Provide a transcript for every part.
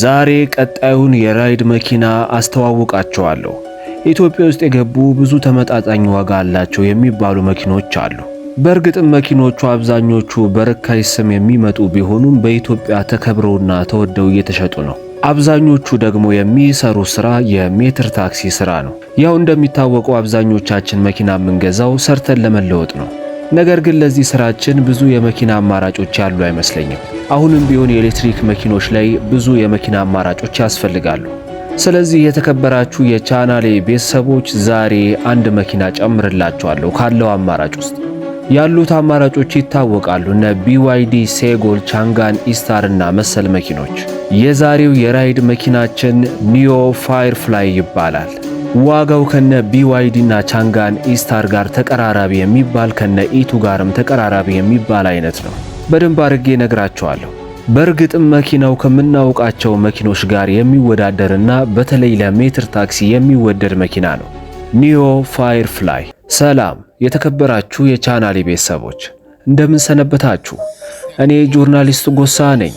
ዛሬ ቀጣዩን የራይድ መኪና አስተዋውቃቸዋለሁ። ኢትዮጵያ ውስጥ የገቡ ብዙ ተመጣጣኝ ዋጋ አላቸው የሚባሉ መኪኖች አሉ። በእርግጥም መኪኖቹ አብዛኞቹ በርካሽ ስም የሚመጡ ቢሆኑም በኢትዮጵያ ተከብረውና ተወደው እየተሸጡ ነው። አብዛኞቹ ደግሞ የሚሰሩ ስራ የሜትር ታክሲ ስራ ነው። ያው እንደሚታወቀው አብዛኞቻችን መኪና የምንገዛው ሰርተን ለመለወጥ ነው። ነገር ግን ለዚህ ስራችን ብዙ የመኪና አማራጮች ያሉ አይመስለኝም። አሁንም ቢሆን የኤሌክትሪክ መኪኖች ላይ ብዙ የመኪና አማራጮች ያስፈልጋሉ። ስለዚህ የተከበራችሁ የቻናሌ ቤተሰቦች ዛሬ አንድ መኪና ጨምርላችኋለሁ ካለው አማራጭ ውስጥ ያሉት አማራጮች ይታወቃሉ። እነ ቢዋይዲ፣ ሴጎል፣ ቻንጋን፣ ኢስታር እና መሰል መኪኖች። የዛሬው የራይድ መኪናችን ኒዮ ፋይርፍላይ ይባላል። ዋጋው ከነ እና ቻንጋን ኢስታር ጋር ተቀራራቢ የሚባል ከነ ኢቱ ጋርም ተቀራራቢ የሚባል አይነት ነው። በደንብ አድርጌ ነግራቸዋለሁ። በእርግጥም መኪናው ከምናውቃቸው መኪኖች ጋር የሚወዳደርና በተለይ ለሜትር ታክሲ የሚወደድ መኪና ነው ኒዮ ፋይርፍላይ። ሰላም የተከበራችሁ የቻናሌ ቤተሰቦች እንደምን ሰነበታችሁ? እኔ ጆርናሊስት ጎሳ ነኝ።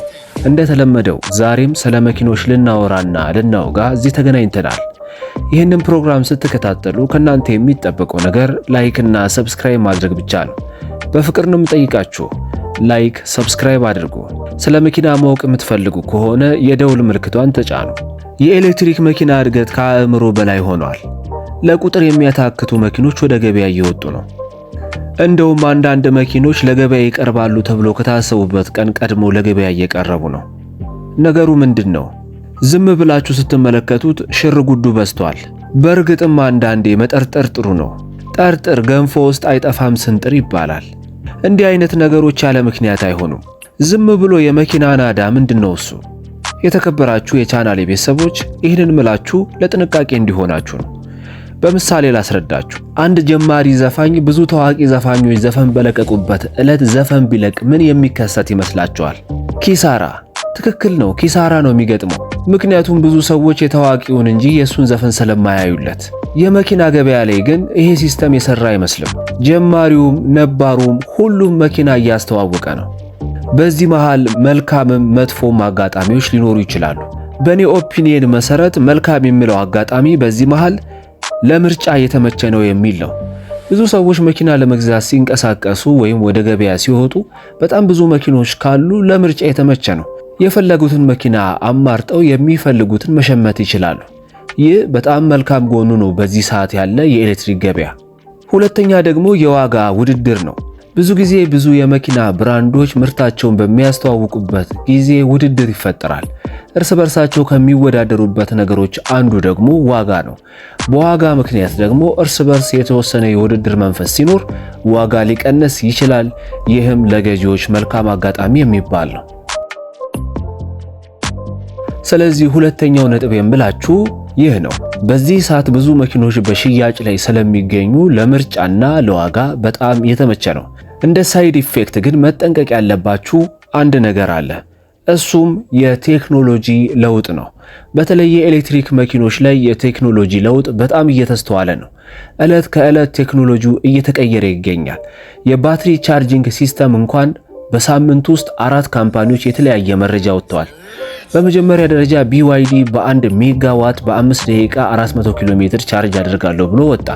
እንደተለመደው ዛሬም ስለ መኪኖች ልናወራና ልናወጋ እዚህ ተገናኝተናል። ይህንን ፕሮግራም ስትከታተሉ ከእናንተ የሚጠበቀው ነገር ላይክና ሰብስክራይብ ማድረግ ብቻ ነው። በፍቅር ነው የምጠይቃችሁ። ላይክ ሰብስክራይብ አድርጉ። ስለ መኪና ማወቅ የምትፈልጉ ከሆነ የደውል ምልክቷን ተጫኑ። የኤሌክትሪክ መኪና እድገት ከአእምሮ በላይ ሆኗል። ለቁጥር የሚያታክቱ መኪኖች ወደ ገበያ እየወጡ ነው። እንደውም አንዳንድ መኪኖች ለገበያ ይቀርባሉ ተብሎ ከታሰቡበት ቀን ቀድሞ ለገበያ እየቀረቡ ነው። ነገሩ ምንድን ነው? ዝም ብላችሁ ስትመለከቱት ሽር ጉዱ በዝቷል። በእርግጥም አንዳንዴ መጠርጠር ጥሩ ነው። ጠርጥር ገንፎ ውስጥ አይጠፋም ስንጥር ይባላል። እንዲህ አይነት ነገሮች ያለ ምክንያት አይሆኑም። ዝም ብሎ የመኪና ናዳ ምንድን ነው እሱ? የተከበራችሁ የቻናሌ ቤተሰቦች ይህንን ምላችሁ ለጥንቃቄ እንዲሆናችሁ ነው። በምሳሌ ላስረዳችሁ። አንድ ጀማሪ ዘፋኝ ብዙ ታዋቂ ዘፋኞች ዘፈን በለቀቁበት ዕለት ዘፈን ቢለቅ ምን የሚከሰት ይመስላችኋል? ኪሳራ። ትክክል ነው፣ ኪሳራ ነው የሚገጥመው። ምክንያቱም ብዙ ሰዎች የታዋቂውን እንጂ የእሱን ዘፈን ስለማያዩለት። የመኪና ገበያ ላይ ግን ይሄ ሲስተም የሰራ አይመስልም። ጀማሪውም ነባሩም ሁሉም መኪና እያስተዋወቀ ነው። በዚህ መሃል መልካምም መጥፎም አጋጣሚዎች ሊኖሩ ይችላሉ። በእኔ ኦፒኒየን መሰረት መልካም የሚለው አጋጣሚ በዚህ መሃል ለምርጫ የተመቸ ነው የሚል ነው። ብዙ ሰዎች መኪና ለመግዛት ሲንቀሳቀሱ ወይም ወደ ገበያ ሲወጡ በጣም ብዙ መኪኖች ካሉ ለምርጫ የተመቸ ነው። የፈለጉትን መኪና አማርጠው የሚፈልጉትን መሸመት ይችላሉ። ይህ በጣም መልካም ጎኑ ነው በዚህ ሰዓት ያለ የኤሌክትሪክ ገበያ። ሁለተኛ ደግሞ የዋጋ ውድድር ነው። ብዙ ጊዜ ብዙ የመኪና ብራንዶች ምርታቸውን በሚያስተዋውቁበት ጊዜ ውድድር ይፈጠራል። እርስ በርሳቸው ከሚወዳደሩበት ነገሮች አንዱ ደግሞ ዋጋ ነው። በዋጋ ምክንያት ደግሞ እርስ በርስ የተወሰነ የውድድር መንፈስ ሲኖር ዋጋ ሊቀንስ ይችላል። ይህም ለገዢዎች መልካም አጋጣሚ የሚባል ነው። ስለዚህ ሁለተኛው ነጥብ የምላችሁ ይህ ነው። በዚህ ሰዓት ብዙ መኪኖች በሽያጭ ላይ ስለሚገኙ ለምርጫና ለዋጋ በጣም የተመቸ ነው። እንደ ሳይድ ኢፌክት ግን መጠንቀቅ ያለባችሁ አንድ ነገር አለ። እሱም የቴክኖሎጂ ለውጥ ነው። በተለይ የኤሌክትሪክ መኪኖች ላይ የቴክኖሎጂ ለውጥ በጣም እየተስተዋለ ነው። ዕለት ከዕለት ቴክኖሎጂው እየተቀየረ ይገኛል። የባትሪ ቻርጂንግ ሲስተም እንኳን በሳምንት ውስጥ አራት ካምፓኒዎች የተለያየ መረጃ ወጥተዋል። በመጀመሪያ ደረጃ ቢዋይዲ በአንድ ሜጋዋት በአምስት ደቂቃ 400 ኪሎ ሜትር ቻርጅ አደርጋለሁ ብሎ ወጣ።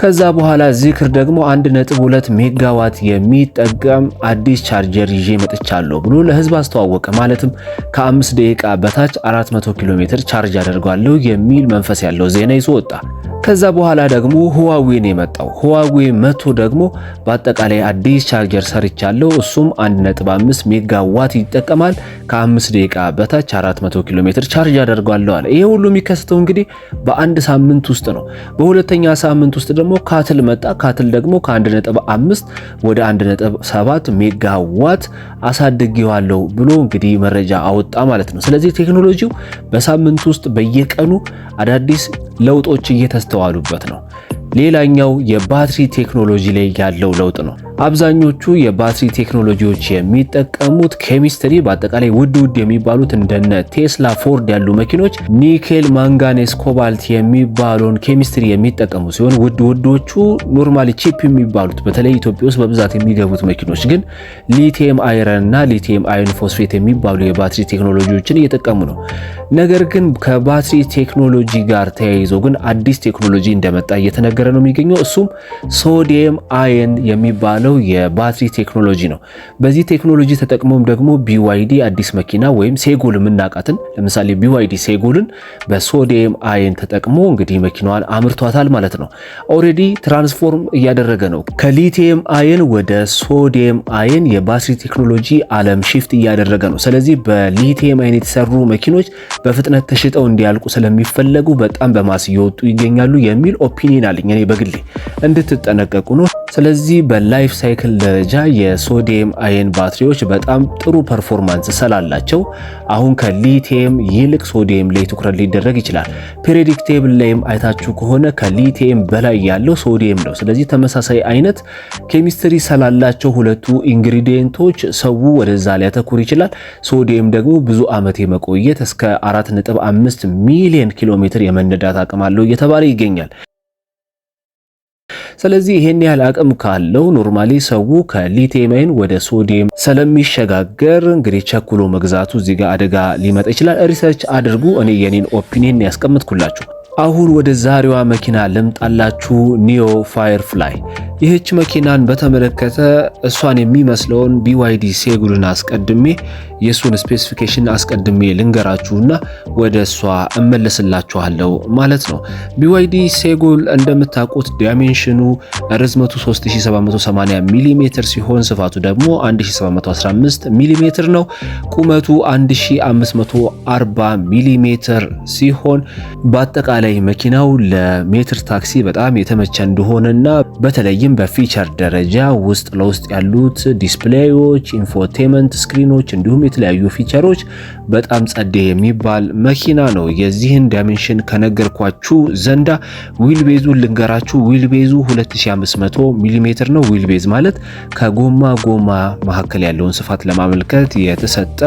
ከዛ በኋላ ዚክር ደግሞ 1.2 ሜጋዋት የሚጠቀም አዲስ ቻርጀር ይዤ መጥቻለሁ ብሎ ለህዝብ አስተዋወቀ። ማለትም ከ5 ደቂቃ በታች 400 ኪሎ ሜትር ቻርጅ አደርጋለሁ የሚል መንፈስ ያለው ዜና ይዞ ወጣ። ከዛ በኋላ ደግሞ ነው የመጣው ሁዋዌ መቶ ደግሞ በአጠቃላይ አዲስ ቻርጀር ሰርቻለሁ። እሱም 1.5 ሜጋዋት ይጠቀማል። ከ5 ደቂቃ በታች 400 ኪሎ ሜትር ቻርጅ አደርጋለሁ አለ። ይሄ ሁሉ የሚከሰተው እንግዲህ በአንድ ሳምንት ውስጥ ነው። በሁለተኛ ሳምንት ውስጥ ደግሞ ደግሞ ካትል መጣ። ካትል ደግሞ ከ1.5 ወደ 1.7 ሜጋዋት አሳድጌዋለሁ ብሎ እንግዲህ መረጃ አወጣ ማለት ነው። ስለዚህ ቴክኖሎጂው በሳምንት ውስጥ በየቀኑ አዳዲስ ለውጦች እየተስተዋሉበት ነው። ሌላኛው የባትሪ ቴክኖሎጂ ላይ ያለው ለውጥ ነው። አብዛኞቹ የባትሪ ቴክኖሎጂዎች የሚጠቀሙት ኬሚስትሪ በአጠቃላይ ውድ ውድ የሚባሉት እንደነ ቴስላ፣ ፎርድ ያሉ መኪኖች ኒኬል፣ ማንጋኔስ፣ ኮባልት የሚባለውን ኬሚስትሪ የሚጠቀሙ ሲሆን ውድ ውዶቹ ኖርማሊ ቺፕ የሚባሉት በተለይ ኢትዮጵያ ውስጥ በብዛት የሚገቡት መኪኖች ግን ሊቲየም አይረን እና ሊቲየም አይን ፎስፌት የሚባሉ የባትሪ ቴክኖሎጂዎችን እየጠቀሙ ነው። ነገር ግን ከባትሪ ቴክኖሎጂ ጋር ተያይዞ ግን አዲስ ቴክኖሎጂ እንደመጣ እየተነገረ ነው የሚገኘው እሱም ሶዲየም አየን የሚባለው የሚባለው የባትሪ ቴክኖሎጂ ነው። በዚህ ቴክኖሎጂ ተጠቅሞም ደግሞ ቢዋይዲ አዲስ መኪና ወይም ሴጎል የምናውቃትን ለምሳሌ ቢዋይዲ ሴጎልን በሶዲየም አይን ተጠቅሞ እንግዲህ መኪናዋን አምርቷታል ማለት ነው። ኦልሬዲ ትራንስፎርም እያደረገ ነው። ከሊቲየም አይን ወደ ሶዲየም አይን የባትሪ ቴክኖሎጂ አለም ሺፍት እያደረገ ነው። ስለዚህ በሊቲየም አይን የተሰሩ መኪኖች በፍጥነት ተሽጠው እንዲያልቁ ስለሚፈለጉ በጣም በማስ እየወጡ ይገኛሉ የሚል ኦፒኒን አለኝ እኔ በግሌ። እንድትጠነቀቁ ነው። ስለዚህ በላይፍ ሳይክል ደረጃ የሶዲየም አየን ባትሪዎች በጣም ጥሩ ፐርፎርማንስ ስላላቸው አሁን ከሊቲየም ይልቅ ሶዲየም ላይ ትኩረት ሊደረግ ይችላል። ፔሪዮዲክ ላይም አይታችሁ ከሆነ ከሊቲየም በላይ ያለው ሶዲየም ነው። ስለዚህ ተመሳሳይ አይነት ኬሚስትሪ ስላላቸው ሁለቱ ኢንግሪዲየንቶች ሰው ወደዛ ሊያተኩር ይችላል። ሶዲየም ደግሞ ብዙ ዓመት የመቆየት እስከ 4.5 ሚሊዮን ኪሎ ሜትር የመነዳት አቅም አለው እየተባለ ይገኛል። ስለዚህ ይሄን ያህል አቅም ካለው ኖርማሊ ሰው ከሊቲየም አይን ወደ ሶዲየም ስለሚሸጋገር እንግዲህ ቸኩሎ መግዛቱ እዚህ ጋር አደጋ ሊመጣ ይችላል። ሪሰርች አድርጉ። እኔ የኔን ኦፒኒየን ያስቀምጥኩላችሁ። አሁን ወደ ዛሬዋ መኪና ልምጣላችሁ፣ ኒዮ ፋየርፍላይ። ይህች መኪናን በተመለከተ እሷን የሚመስለውን ቢዋይዲ ሴጉልን አስቀድሜ የእሱን ስፔሲፊኬሽን አስቀድሜ ልንገራችሁና ወደ እሷ እመለስላችኋለሁ ማለት ነው። ቢዋይዲ ሴጉል እንደምታውቁት ዳይሜንሽኑ ርዝመቱ 3780 ሚሜ ሲሆን ስፋቱ ደግሞ 1715 ሚሜ ነው። ቁመቱ 1540 ሚሜ ሲሆን በአጠቃላይ በተለይ መኪናው ለሜትር ታክሲ በጣም የተመቸ እንደሆነና በተለይም በፊቸር ደረጃ ውስጥ ለውስጥ ያሉት ዲስፕሌዮች፣ ኢንፎቴመንት ስክሪኖች እንዲሁም የተለያዩ ፊቸሮች በጣም ጸዴ የሚባል መኪና ነው። የዚህን ዳይሜንሽን ከነገርኳችሁ ዘንዳ ዊል ቤዙን ልንገራችሁ። ዊል ቤዙ 2500 ሚሜ ነው። ዊል ቤዝ ማለት ከጎማ ጎማ መካከል ያለውን ስፋት ለማመልከት የተሰጠ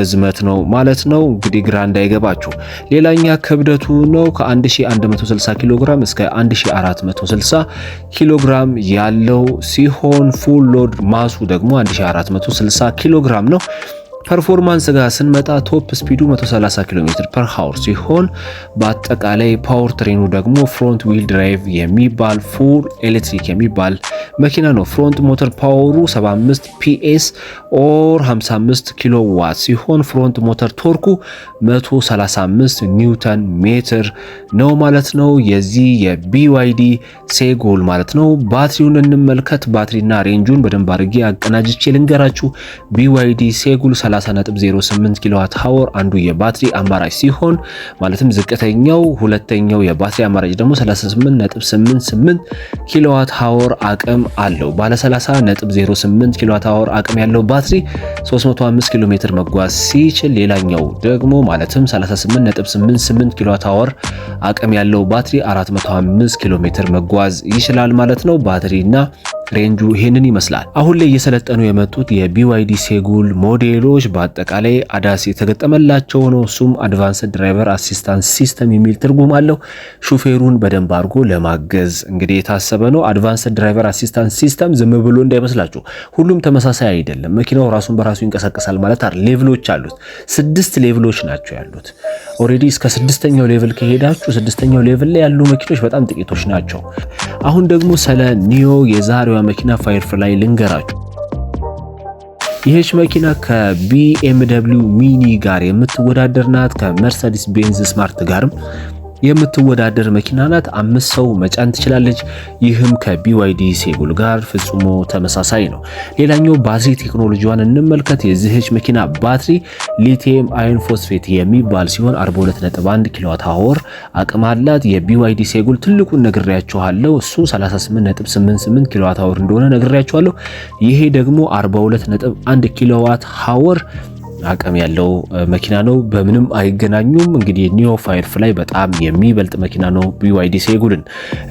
ርዝመት ነው ማለት ነው። እንግዲህ ግራ እንዳይገባችሁ። ሌላኛ ክብደቱ ነው። ከ1160 ኪሎ ግራም እስከ 1460 ኪሎ ግራም ያለው ሲሆን ፉል ሎድ ማሱ ደግሞ 1460 ኪሎ ግራም ነው። ፐርፎርማንስ ጋር ስንመጣ ቶፕ ስፒዱ 130 ኪሎ ሜትር ፐር ሃወር ሲሆን በአጠቃላይ ፓወር ትሬኑ ደግሞ ፍሮንት ዊል ድራይቭ የሚባል ፉል ኤሌክትሪክ የሚባል መኪና ነው። ፍሮንት ሞተር ፓወሩ 75 ፒኤስ ኦር 55 ኪሎ ዋት ሲሆን ፍሮንት ሞተር ቶርኩ 135 ኒውተን ሜትር ነው ማለት ነው። የዚህ የቢዋይዲ ሴጎል ማለት ነው። ባትሪውን እንመልከት። ባትሪና ሬንጁን በደንብ አድርጌ አቀናጅቼ ልንገራችሁ። ቢዋይዲ ሴጎል 30.08 ኪሎዋት ሀወር አንዱ የባትሪ አማራጭ ሲሆን ማለትም ዝቅተኛው፣ ሁለተኛው የባትሪ አማራጭ ደግሞ 38.88 ኪሎዋት ሀወር አቅም አለው። ባለ 30.08 ኪሎዋት ሀወር አቅም ያለው ባትሪ 305 ኪሎ ሜትር መጓዝ ሲችል፣ ሌላኛው ደግሞ ማለትም 38.88 ኪሎዋት ሀወር አቅም ያለው ባትሪ 405 ኪሎ ሜትር መጓዝ ይችላል ማለት ነው። ባትሪና ሬንጁ ይሄንን ይመስላል። አሁን ላይ እየሰለጠኑ የመጡት የቢዋይዲ ሴጉል ሞዴሎች በአጠቃላይ አዳስ የተገጠመላቸው ነው። እሱም አድቫንስድ ድራይቨር አሲስታንስ ሲስተም የሚል ትርጉም አለው። ሹፌሩን በደንብ አድርጎ ለማገዝ እንግዲህ የታሰበ ነው። አድቫንስድ ድራይቨር አሲስታንስ ሲስተም ዝም ብሎ እንዳይመስላችሁ፣ ሁሉም ተመሳሳይ አይደለም። መኪናው ራሱን በራሱ ይንቀሳቀሳል ማለት ሌቭሎች አሉት። ስድስት ሌቭሎች ናቸው ያሉት። ኦልሬዲ እስከ ስድስተኛው ሌቭል ከሄዳችሁ ስድስተኛው ሌቭል ላይ ያሉ መኪኖች በጣም ጥቂቶች ናቸው። አሁን ደግሞ ስለ ኒዮ የዛሬው መኪና ፋይርፍላይ ልንገራችሁ። ይህች መኪና ከቢኤምደብሊው ሚኒ ጋር የምትወዳደር ናት። ከመርሰዲስ ቤንዝ ስማርት ጋርም የምትወዳደር መኪና ናት። አምስት ሰው መጫን ትችላለች። ይህም ከቢዋይዲ ሴጉል ጋር ፍጹሞ ተመሳሳይ ነው። ሌላኛው ባትሪ ቴክኖሎጂዋን እንመልከት። የዚህች መኪና ባትሪ ሊቲየም አይን ፎስፌት የሚባል ሲሆን 421 ኪሎዋት አወር አቅም አላት። የቢዋይዲ ሴጉል ትልቁን ነግሬያችኋለሁ። እሱ 38.88 ኪሎዋት አወር እንደሆነ ነግሬያችኋለሁ። ይሄ ደግሞ 42.1 ኪሎዋት አወር አቅም ያለው መኪና ነው። በምንም አይገናኙም። እንግዲህ ኒዮ ፋየር ፍላይ በጣም የሚበልጥ መኪና ነው ቢዋይዲ ሴጉልን።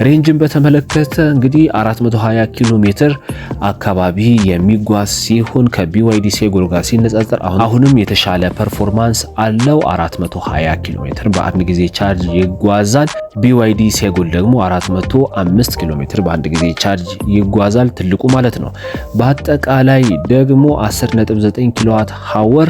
ሬንጅን በተመለከተ እንግዲህ 420 ኪሎ ሜትር አካባቢ የሚጓዝ ሲሆን ከቢዋይዲ ሴጉል ጋር ሲነጻጸር አሁንም የተሻለ ፐርፎርማንስ አለው። 420 ኪሎ ሜትር በአንድ ጊዜ ቻርጅ ይጓዛል። ቢዋይዲ ሴጉል ደግሞ 405 ኪሎ ሜትር በአንድ ጊዜ ቻርጅ ይጓዛል፣ ትልቁ ማለት ነው። በአጠቃላይ ደግሞ 10.9 ኪሎዋት ሃወር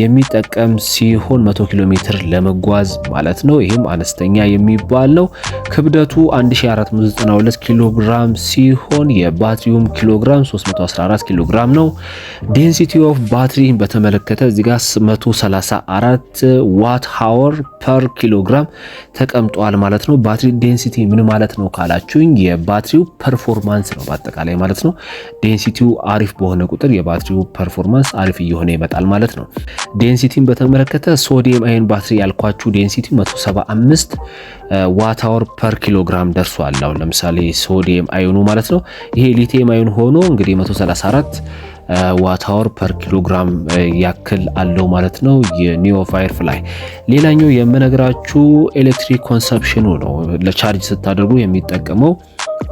የሚጠቀም ሲሆን 100 ኪሎ ሜትር ለመጓዝ ማለት ነው። ይህም አነስተኛ የሚባል ነው። ክብደቱ 1492 ኪሎ ግራም ሲሆን የባትሪውም ኪሎ ግራም 314 ኪሎ ግራም ነው። ዴንሲቲ ኦፍ ባትሪ በተመለከተ እዚህ ጋር 134 ዋት ሃወር ፐር ኪሎ ግራም ተቀምጧል ማለት ነው። ባትሪ ዴንሲቲ ምን ማለት ነው ካላችሁኝ የባትሪው ፐርፎርማንስ ነው በአጠቃላይ ማለት ነው። ዴንሲቲው አሪፍ በሆነ ቁጥር የባትሪው ፐርፎርማንስ አሪፍ እየሆነ ይመጣል ማለት ነው። ዴንሲቲን በተመለከተ ሶዲየም አይን ባትሪ ያልኳችሁ ዴንሲቲ 175 ዋት አወር ፐር ኪሎግራም ደርሷል። አሁን ለምሳሌ ሶዲየም አይኑ ማለት ነው። ይሄ ሊቲየም አዮን ሆኖ እንግዲህ 134 ዋት አወር ፐር ኪሎግራም ያክል አለው ማለት ነው። የኒዮ ፋየር ፍላይ ሌላኛው የምነግራችሁ ኤሌክትሪክ ኮንሰፕሽኑ ነው። ለቻርጅ ስታደርጉ የሚጠቀመው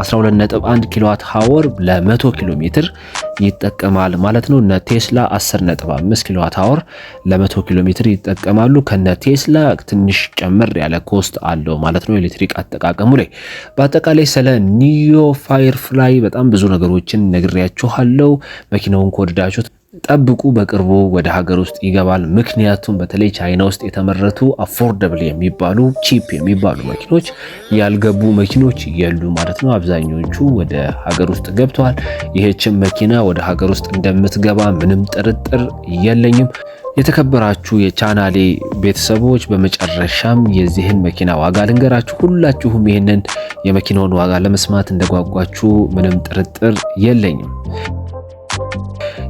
12.1 ኪሎዋት ሀወር ለ100 ኪሎ ሜትር ይጠቀማል ማለት ነው። እነ ቴስላ 10.5 ኪሎዋት ሀወር ለ100 ኪሎ ሜትር ይጠቀማሉ። ከነ ቴስላ ትንሽ ጨምር ያለ ኮስት አለው ማለት ነው ኤሌክትሪክ አጠቃቀሙ ላይ። በአጠቃላይ ስለ ኒዮ ፋየርፍላይ በጣም ብዙ ነገሮችን ነግሬያችኋለሁ። መኪናውን ከወደዳችሁት ጠብቁ፣ በቅርቡ ወደ ሀገር ውስጥ ይገባል። ምክንያቱም በተለይ ቻይና ውስጥ የተመረቱ አፎርደብል የሚባሉ ቺፕ የሚባሉ መኪኖች ያልገቡ መኪኖች የሉ ማለት ነው። አብዛኞቹ ወደ ሀገር ውስጥ ገብተዋል። ይህችን መኪና ወደ ሀገር ውስጥ እንደምትገባ ምንም ጥርጥር የለኝም። የተከበራችሁ የቻናሌ ቤተሰቦች በመጨረሻም የዚህን መኪና ዋጋ ልንገራችሁ። ሁላችሁም ይህንን የመኪናውን ዋጋ ለመስማት እንደጓጓችሁ ምንም ጥርጥር የለኝም።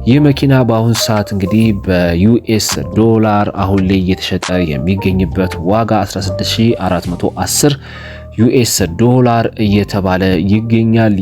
ይህ መኪና በአሁን ሰዓት እንግዲህ በዩኤስ ዶላር አሁን ላይ እየተሸጠ የሚገኝበት ዋጋ 16410 ዩኤስ ዶላር እየተባለ ይገኛል።